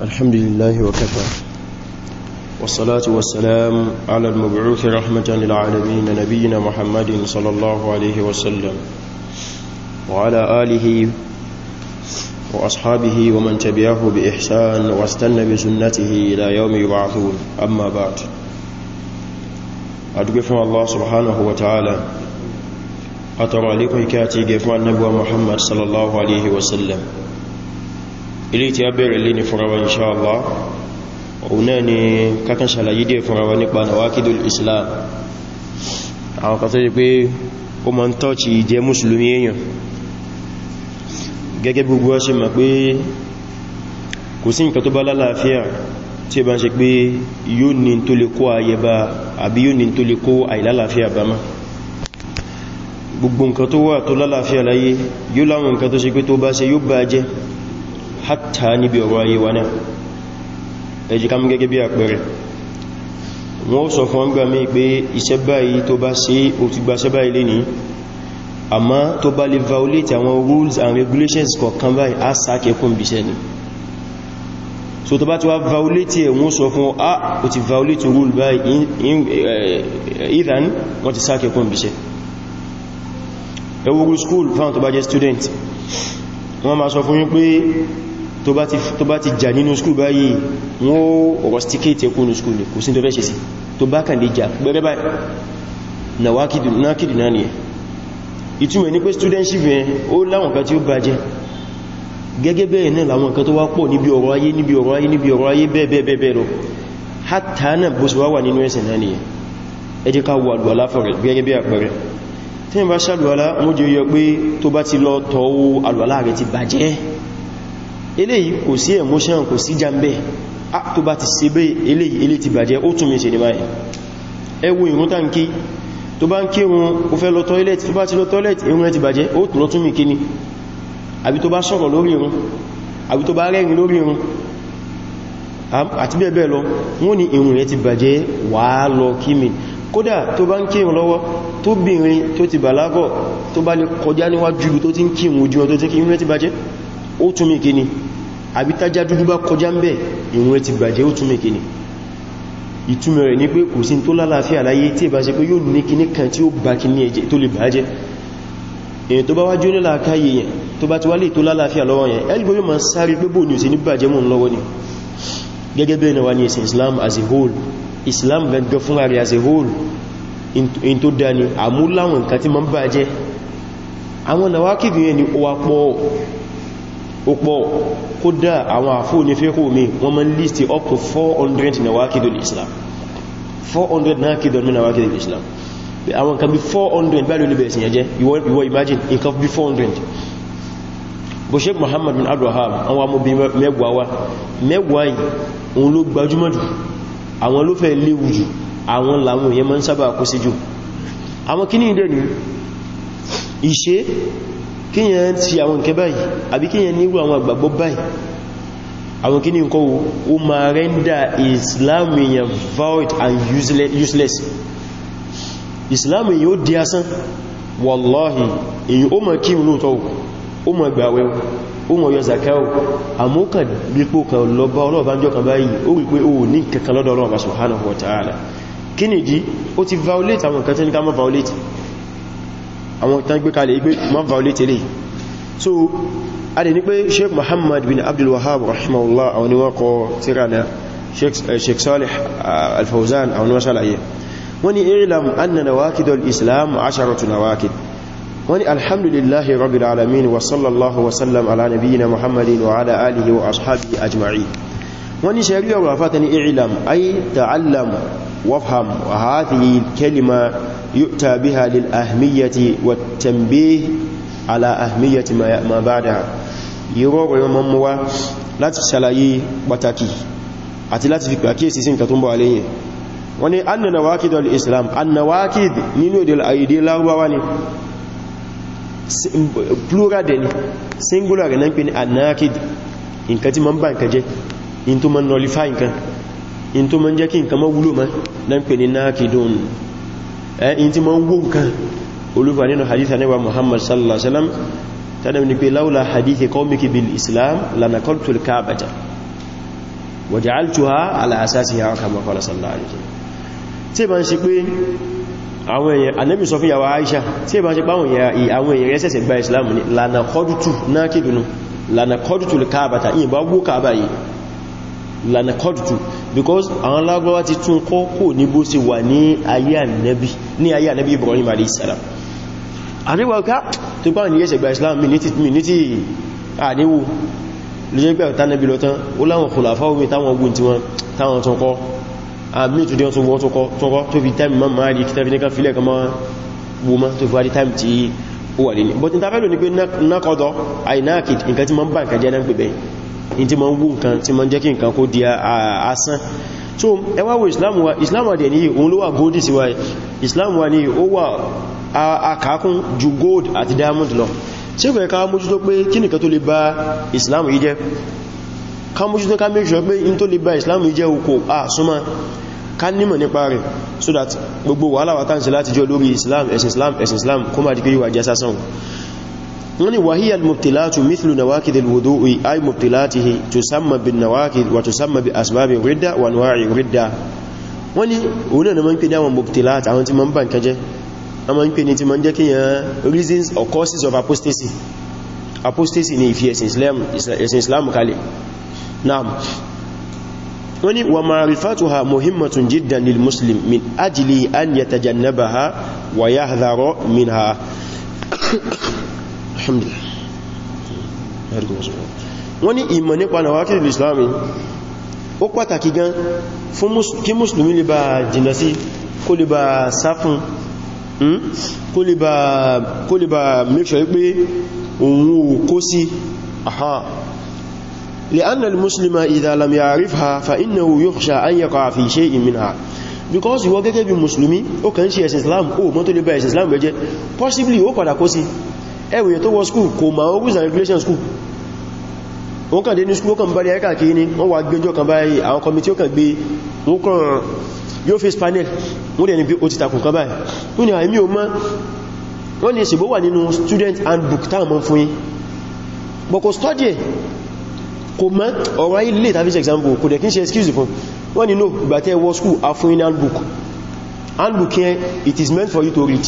الحمد لله وكفى والصلاة والسلام على المبعوث رحمة للعالمين نبينا محمد صلى الله عليه وسلم وعلى آله وأصحابه ومن تبعه بإحسان واستنى بسنته إلى يوم يبعثون أما بعد أدقفنا الله سبحانه وتعالى أترى لكم كاتي قفنا النبوة محمد صلى الله عليه وسلم ilé tí a bẹ̀rẹ̀ lé ní fúnrawa inṣáàlá òun náà ni kákan ṣàlàyé dé fúnrawa nípa nawakidul islam àwọn kan tó jẹ́ pé ó ma ń tọ́ọ̀chì ìjẹ́ mùsùlùmí èèyàn gẹ́gẹ́ gbogbo ọ ṣe mọ̀ pé kò sí nǹkan tó bá lálàáfíà tí ẹ bá ń ṣe pé yóò ní tó lè kó ayẹba àbí yóò ní tó lè kó hátà níbi ọ̀rọ̀ ayé wa náà ẹjì ká mú gẹ́gẹ́ bí àpẹẹrẹ wọ́n sọ fún ọgbà mí pé iṣẹ́ báyìí tó bá ṣe ó ti gba iṣẹ́ báyìí lé ní àmá tó bá lè violate àwọn rules and regulations kọ̀kan báyìí á sákẹ́kùn bí iṣẹ́ ni so tó bá ti wá violate ẹ̀ wọ́n sọ fún ah ó ti violate rule báyìí eh, wọ́n ti sákẹ́kùn bí iṣẹ́ ẹwọ́rú school fáwọn tó bá jẹ́ student wọ́n máa sọ fún yín pé tó bá ti jà nínú skúl báyìí wọ́n rusticate ẹkùn ní skúl ní kò sí tó fẹ́ ṣe sí tó bá kàn jà gbẹ́rẹ́ báyìí na wákìdì náà nìyẹn ìtumọ̀ ní pé studentship yẹn ó láwọn kan tí ó bá jẹ́ gẹ́gẹ́ bẹ́ẹ̀ náà láwọn kan tó wá pọ̀ níbi ọ̀rọ̀ ayé níbi ọ̀rọ̀ ayé níbi ọ̀rọ̀ ayé bẹ́ẹ̀bẹ́ẹ̀bẹ́ẹ̀ lọ hátà náà bó sì wá wà nínú ẹ̀sẹ̀ náà nìyẹn ẹ jẹ́ ká wà lùwàlá fọ̀rẹ̀ gẹ́gẹ́ bí àpẹẹrẹ tí wọ́n bá ṣàlùwàlá wọ́n jẹ́ yọ pé tó bá ti lọ tọ́wọ́ àlùwàlá rẹ̀ ti bàjẹ́ eléyìí kò sí emotion kò sí jambẹ́ tó bá ti ṣe bẹ́ eléyìí eléyìí ti bàjẹ́ ó tún mẹ́ṣe ní báyìí ẹ wo ìrun tá ń kí tó bá ń kí wọn ó fẹ́ lọ toilet tó bá ti lọ toilet ìrun ẹ ti bàjẹ́ ó tún lọ tún mi kí ni àbí tó bá sọ̀rọ̀ lórí ìrun àbí tó bá rẹ́rin lórí ìrun àti bẹ́ẹ̀ lọ wọ́n ní ìrun rẹ ti bàjẹ́ wà á lọ kí mi kódà tó bá ń kí ìrun lọ́wọ́ tó bìnrin tó ti bàlágọ̀ tó bá lè kọjá níwájú ibi tó ti ń kí ìrun ojú ọ tó ti kí ìrun rẹ ti bàjẹ́ ó tún mí kíni àbí tájá dúdú bá kọjá ń bẹ̀ ìwọ̀n ti bàjẹ́ ó tún mí kíni ìtumọ̀ rẹ̀ ní pé kò sí tó lálàáfíà láyé tí ìbá ṣe pé yóò ní kíní kan tí ó bá kíní ẹjẹ́ tó lè bàjẹ́ èyàn tó bá wájú ní làákáyé yẹn tó bá ti wá lè tó lálàáfíà lọ́wọ́ yẹn ẹlùgbò yóò ma sáré pé bò ní òsì ní bàjẹ́ mú lọ́wọ́ ni gẹ́gẹ́ bẹ́ẹ̀ náà wà ní ẹ̀sìn Islam as a whole Islam gẹ́gẹ́ fún ààrẹ as a whole in tó dá ni àmúláwọn nǹkan tí ma ń bàjẹ́ àwọn nàwákìbìyàn ni ó wà pọ̀ ó pọ̀ kódà àwọn àfó ní fẹ́kò mi wọ́n mọ́ list up to 400 nawakidul islam 400 nawakidul min nawakidul islam àwọn kan bí 400 bá lórí bẹ̀ẹ̀sìn ẹjẹ́ ìwọ imagine nǹkan bí 400 bó ṣe Muhammad bin Abdulwahab àwọn amóbi mẹ́gbàá wá mẹ́gbàá yìí òun ló gbajúmọ̀ jù àwọn ló fẹ́ léwu jù àwọn làwọn èèyàn mọ́ ń sábà kó sí jù àwọn kíní ìdẹ́ ni kíyàn ti àwọn nǹkan báyìí àbí kíyàn nírú àwọn àgbàgbọ́ báyìí àwọn kí ní nǹkan ó ma rẹ́ndà islam èyàn void and useless islam èyàn ó di asán wallahi èyàn ó ma kí inú tọ́wọ́ ó ma gbàwẹ́ ó ma yọ zakáwọ́ àmókàn wípó kan lọ́bá ọlọ́ọ̀bá kan báyìí ó rí pé wa ta'ala kí nìdí ó ti violate àwọn nǹkan tẹ́ ní àwọn tán gbé kalẹ̀ ipé ma violate lè so a dẹ̀ ní pé sheikh muhammad bin abdul wahab rahimahullah àwọn ni wọ́n kọ tíra na eh, sheikh salih ah, al-fawzan àwọn ni wọ́n ṣàlàyé wọ́n ni ilam anna nawakidul islam asharatu nawakid wọ́n ni alhamdulillahi rabbil alamin wa sallallahu wa sallam ala nabiyyina muhammadin wa ala alihi wa ashabihi ajma'in wọ́n ni shari'a wa fatani ilam ay ta'allam وافهم وهذه الكلمة يؤتى بها للأهمية والتنبيه على أهمية ما بعدها يروغ يوم موا لا تسلعي باتاكي àti láti fi pàkíyèsí sí nǹkan tó ń bọ̀ aléyìn wọ́n ni anna nawakid al-islam annawakid nínú èdè lárúbáwá ni plural dẹ̀ ni singular rẹ̀ náà pè ní annakid nǹkan tí ma ń bá nǹkan jẹ́ in tó ma ń nullify nǹkan in tó ma ń jẹ́ kí nǹkan mọ́ wúlò mọ́ na ń pè ní náàkìdún in tí ma ń wó nǹkan olúfà nínú hadith anáwà muhammad sallallahu alaihi wasallam tánà ní pé láúlá hadith qaumiki bil islam lanakoltul kaabata wa ja'altuha ala asasiha kama qala sallallahu alaihi wasallam tí bá ń ṣe pé àwọn èèyàn anẹ́bì sọ fún yàwó Aisha tí bá ń ṣe páwọn àwọn èèyàn rẹ́sẹ̀sẹ̀ gba Islam ní lanakodutu náàkìdùnú lanakodutu kaabata yìí bá wó kaaba yìí lanakodutu because àwọn lágbọ́wá ti tún kọ́ kò ní bó ṣe wà ní ayé ànẹ́bí ní ayé ànẹ́bí Ibrahim alayhis salam àríwọ̀ká tó bá ní yẹ́sẹ̀gbà Islam mi ní tí àníwò lè jẹ́ pẹ̀lú tánẹ́bí lọ tán ó láwọn khulafa omi táwọn ogun tí wọ́n táwọn tó kọ́ àmì tó dé wọ́n tó kọ́ tó fi time ma máa rí kítàbí nìkan filẹ̀ kan máa wo ma tó fi wá di time tí ó wà lè ní but ní tafẹ́lò ní pé nákọ́dọ̀ àìnáàkì nǹkan tí ma ń bá nǹkan jẹ́ náà pẹ̀bẹ̀ in ti ma ń wú nǹkan ma ń jẹ́ kí nǹkan di asán so ẹ wá wo islam wa islam wa dẹ̀ ní òun ló wà gold sí wa islam wa ní ó wà akákún ju gold ati diamond lọ ṣe fẹ́ ká mójútó pé kí nìkan tó lè bá islam yìí jẹ́ ká mójútó ká make sure in tó lè bá islam yìí jẹ́ okò àsúnmọ́ ká nímọ̀ nípa rẹ̀ so that gbogbo wàhálà wa tánṣe láti jọ lórí islam es islam es islam kó má di pé yíwa jẹ́ sásán wani wahiyar mubtilatu mithlu nawakidil wudu'i ay mubtilatihi tusamma bin nawakid wa tusamma bi asbabin ridda wa anwa'i ridda wani wani na man fi dawon mubtilat àwọn tí man ban kaje tí man jẹ́ kíyàn reasons or causes of apostasy apostasy ni ifi ẹ̀sìn islam ẹ̀sìn islam kalẹ̀ naam wani wa ma'rifatuha muhimmatun jiddan lil muslim min ajli alhamdulillah wọ́n ní ìmọ̀ nípa nàwákìlù islami ó pàtàkì gan fún kí mùsùlùmí lè bá jìnà sí kó lè bá sáfún hmm? kó lè bá make sure òun ò kó sí àhá لأن المسلم إذا لم يعرفها فإنه يخشى أن يقع في شيء منها because ìwọ gẹ́gẹ́ bí musulmi ó kàn ṣe ẹ̀sìn islam ó mọ́ tó lè bá ẹ̀sìn islam bẹ́jẹ́ possibly ó padà kó sí ẹwòye tó wọ skúl kò ma rules and regulations skúl wọ́n kàn dé ní skúl kan bá rí ẹ́kà kí ní wọ́n wà gbẹ́jọ́ kan báyìí àwọn kọmití ó kàn gbé wọ́n kàn yóò face panel wọ́n dẹ̀ ní bí ó ti takùn kan báyìí wọ́n ni àìmí o wà nínú student handbook táàmọ́ fún yín bọ̀ kò study kò mọ́ ọ̀rọ̀ ayé lè tàbí example kò dẹ̀ kí ṣe excuse fún wọ́n ni no ìgbà tẹ́ wọ skúl a fún handbook handbook yẹn it is meant for you to read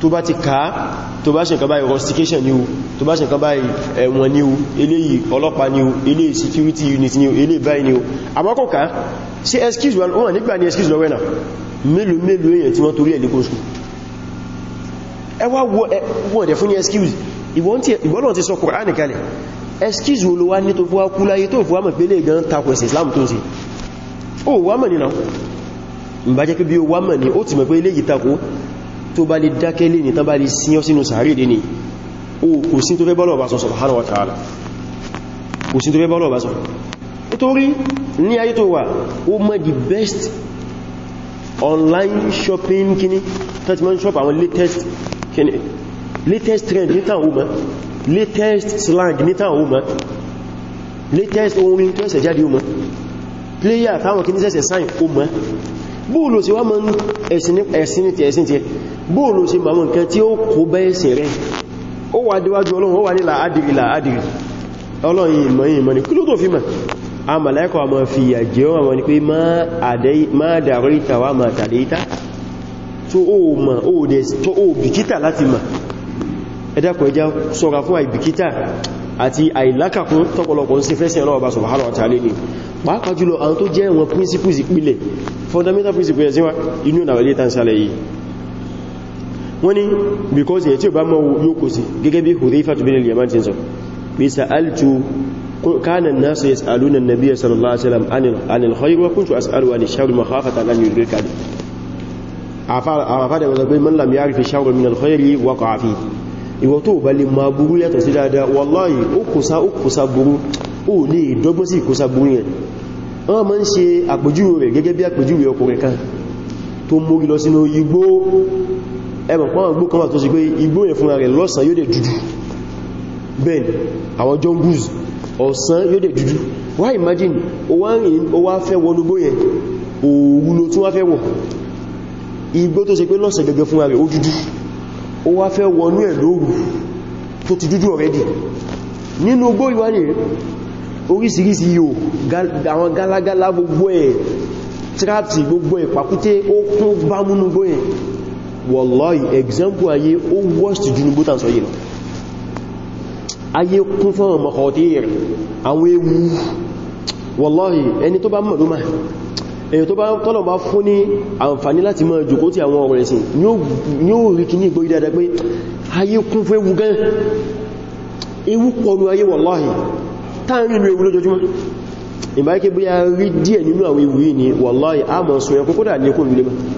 tó bá ti ká tó bá ṣe nǹkan báyìí rustication ni o tó bá ṣe nǹkan báyìí ẹ̀wọ̀n ni o eléyìí ọlọ́pàá ni o eléyìí security unit ni o eléyìí báyìí ni o àmọ́ kò ká sí excuse wọn wọ́n nígbà ní excuse lọ́wẹ́ náà mélòó mélòó èèyàn tí wọ́n torí ẹ̀ lẹ́kọ́ school ẹ wá wọ́n dẹ̀ fún ní excuse ìwọ́n náà ti sọ Kùránì kalẹ̀ excuse wo ló Islam tó ń ṣe ó wá mọ̀ nínú ìbájẹ́ pé bí tó bá lè dákẹ́ lè ní tán bá lè síyán sínú sàárè lè ní kò sí tó fẹ́ bọ́lọ̀ bá sọ subhanahu wa ta'ala kò sí tó fẹ́ bọ́lọ̀ bá sọ nítorí ní ayé tó wà ó mọ́ the best online shopping kini. tẹ́tí mọ́ shop àwọn latest kini. latest trend ní tàn ó latest slang ní tàn ó latest orin tó ẹsẹ̀ jáde ó player táwọn kíní sẹ́sẹ̀ sign ó mọ́ bóòlò sí wá mọ́ ẹ̀sìn tí ẹ̀sìn tí ẹ̀ bóòlò sí màmù nǹkan tí ó kó bẹ́ẹ̀sìn rẹ̀ ó wà díwájú ọlọ́run ó wà ní làádìrí làádìrí ọlọ́run ìmọ̀ ìmọ̀ ni kí ló tó fi mọ̀ a màláíkọ̀ àmọ́ fi yàjẹ́ wọn ni pé má dàríta wà má tàdíta tó ó mọ̀ ó dẹ̀ tó ó bìkítà láti mọ̀ ẹ̀dàkọ̀ ẹjá sọ́ra fún àìbìkítà àti àìlákàkún tọ́pọ̀lọpọ̀ ń ṣe fẹ́sìn ọlọ́wọ́ bá subhanahu wa ta'ala ní pàápàá jùlọ àwọn tó jẹ́ wọn principles ìpìlẹ̀ wọ́n ni because èyí tí ó bá mọ́ yóò kò sí gẹ́gẹ́ bí Hudhayfah bin al-Yaman ti sọ bí sa'altu kana an-nasu yas'aluna an-nabiyya sallallahu alaihi wasallam anil khayr wa kuntu as'aluhu anil sharri makhafatan an yudrikani àfáàdà wọ́n gbé man lam ya'rif ash-sharra min al-khayri waqa'a fihi ìwọ tó bá lè máa burú yàtọ̀ sí dáadáa wallahi ó kùsá ó kùsá burú ó ní tó mórí lọ sínú igbó ẹmọ̀ pọ́nà gbó kan wà tó sì pé igbó yẹn fúnra rẹ̀ lọ́sàn yóò dẹ̀ dúdú ben àwọn jungles ọ̀sán yóò dẹ̀ dúdú Why imagine o wá rìn o wá fẹ́ wọnú gbó yẹn òòrùn ló tún wá fẹ́ wọ̀ igbó tó sì pé lọ́sàn gẹ́gẹ́ fúnra rẹ̀ ó dúdú ó wá fẹ́ wọnú ẹ̀ lóòrù tó ti dúdú already nínú igbó gbogbo ẹ̀ pàkúté ó kún bámúnú gbó yẹn wallahi example aye ó worst jùlọ bó tàn sọ yìí lọ ayé kún fún ọmọ ọ̀tẹ́ rẹ̀ àwọn ewu wallahi ẹni tó bá mọ̀ ló máa èyí tó bá tọ́lọ̀ bá fún ní àǹfàní láti máa jùkó tí àwọn ọ̀rẹ̀ sí ní ó rí kì ní ìgbóyí dáadáa pé ayé kún fún ewu gan ewu pọ̀lú ayé wallahi táàrin ewu lójoojúmọ́ ìbáyíké bóyá rí díẹ̀ nínú àwọn ewu ni wallahi a mọ̀ sọ ẹkùn kódà ní kò lè máa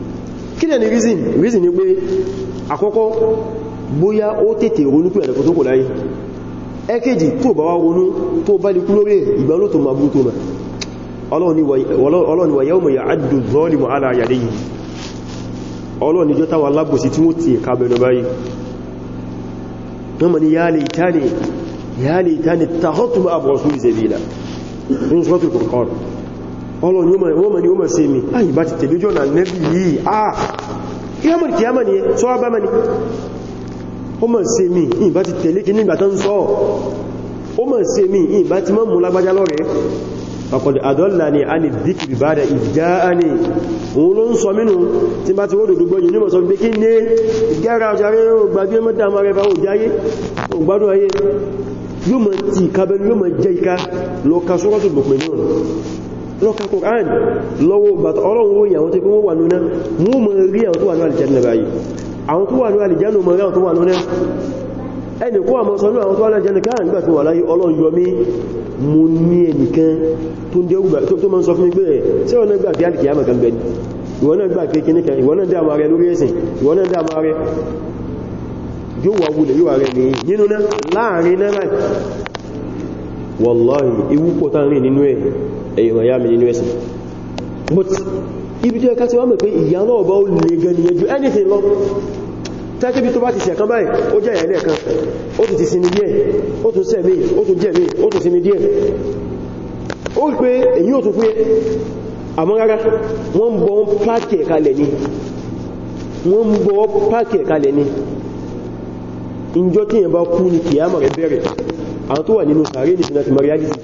kí lẹ́ni reason reason ni pé àkọ́kọ́ bóyá ó tètè ronú pé ẹ̀rẹ̀kọ́ tó kò láyé ẹ̀kejì tó bá wá ronú tó bá lè kú lórí ìgbà ló tó ma bú tó ma ọlọ́ni wà yawma ya'addu adh-dhalimu 'ala yadayhi ọlọ́ni jọ táwà lábòsí tí wọ́n ti ẹ̀ka bẹ̀rẹ̀ báyìí wọ́n ni ya laitani ya laitani ittakhadhtu ma'a rasuli sabila ní ọlọ́ ni wọ́n mọ̀ ni wọ́n mọ̀ sí mi ayi bá ti tẹ̀lé jọ́nà nẹ́bí yìí ah kíyàmọ̀ kíyàmọ̀ ni sọ bá mọ̀ ni ó mọ̀ sí mi ah, yìí ah, bá ti tẹ̀lé kí nígbà tó ń sọ ó mọ̀ sí mi yìí bá ti mọ́ mú lágbájá lọ́rẹ̀ ọkọ̀dì àdọ́là ni a ní dìkìrì bá da ìjá ní òun ló ń sọ mínú tí bá ti wó dòdó gbọ́yìn onímọ̀ sọ pé kí ní gẹ́ra ọjọ́ rẹ̀ gbàgbé mọ́ta ma rẹ̀ bá wò jáyé ògbádùn ayé yóò mọ̀ tí ìkábẹ̀lú yóò mọ̀ jẹ́ ìká lọ ka sọ́rọ̀tù lọ́ka Qur'an lọ́wọ́ bàtà ọlọ́run ròyìn àwọn tí kí wọ́n wà nínú mú mọ̀ rí àwọn tó wà ní àlìjánà báyìí àwọn tó wà ní àlìjánà mọ̀ rí àwọn tó wà nínú ẹni kó àmọ́ sọ́nú àwọn tó wà lájẹ́ nìkan nígbà tí wà láyé ọlọ́run yọ mí mú ní ẹnìkan tó ń dẹ́gbà tó mọ́ sọ fún mi pé ẹ̀ tí ọ̀nà ni ìwọ náà wallahi ewu pọ̀ tán rìn nínú ẹ̀ èèyàn yá mi nínú ẹ̀sìn but ibi tó ẹka tí wọ́n mọ̀ pé ìyà náà bá ó lè gan ni ẹjú anything lọ tẹ́kí bí tó bá ti sẹ̀kan báyìí ó jẹ́ ẹ̀lẹ́ kan ó ti sinmi díẹ̀ ó tún sẹ̀ mí ó tún jẹ́ mí ó tún sinmi díẹ̀ ó rí pé èyí ò tún fúyẹ́ àmọ́ rárá wọ́n ń bọ́ páàkì ni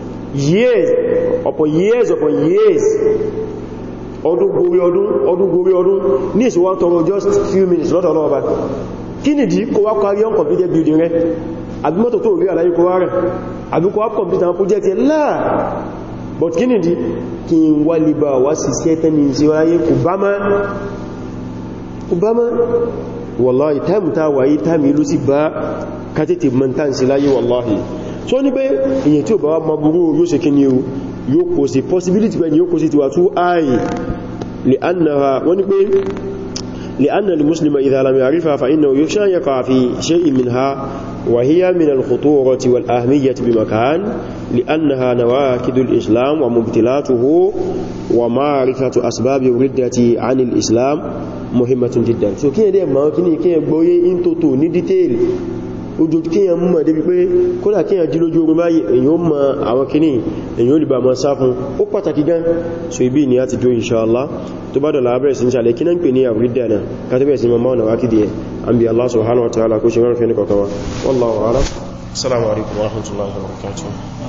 years upon years upon years ọdún gorí ọdún ọdún gorí ọdún ní ìṣòwò tọrọ just few minutes lọ́dọ̀ ọlọ́ọ̀bá kí nìdí kó wá kárí uncompleted building rẹ àbí mọ́tò tó rí àlàyé kó wá rẹ̀ àbí kó wá complete àwọn project yẹ láà but kí nìdí kí n wá libà wá sí sẹ́tẹ́ni sí ọláyé kò wallahi time ta wáyé time ìlú sí bá kátètè wallahi so ní pé èyàn tí ò bá wá mọ burú yóò ṣe kí o yóò kò sí possibility pé ni yóò kò sí ti wà tún ààyè lè annaha wọ́n ní pé lè anna lè muslima ìdàlàmì àrífà fa inna yóò ṣáyẹ kàfí ṣe ìmìn ha وهي من الخطورة والأهمية بمكان لأنها نواكد الإسلام ومبتلاته ومعرفة أسباب الردة عن الإسلام مهمة جدا so kí ẹ̀dẹ̀ ma kí ní kí ẹgbóyé in tó tó detail ojú kíyàn mọ̀ débi pé kódà kíyàn jí lójú ogun báyìí èyàn mọ̀ àwọn kìíní èyàn olùbà mọ̀ sáfún ó pàtàkì gan so ibi ni a ti do inṣáàlá tó bá dọ̀lá abẹ́rẹ̀ sí ìṣàlẹ̀ kí náà ń pè ní àwùrídà náà Allah subhanahu wa ta'ala kó ṣe rán fẹ́ ní kọ̀kọ̀wá wallahu a'lam assalamu alaikum wa rahmatullahi wa barakatuh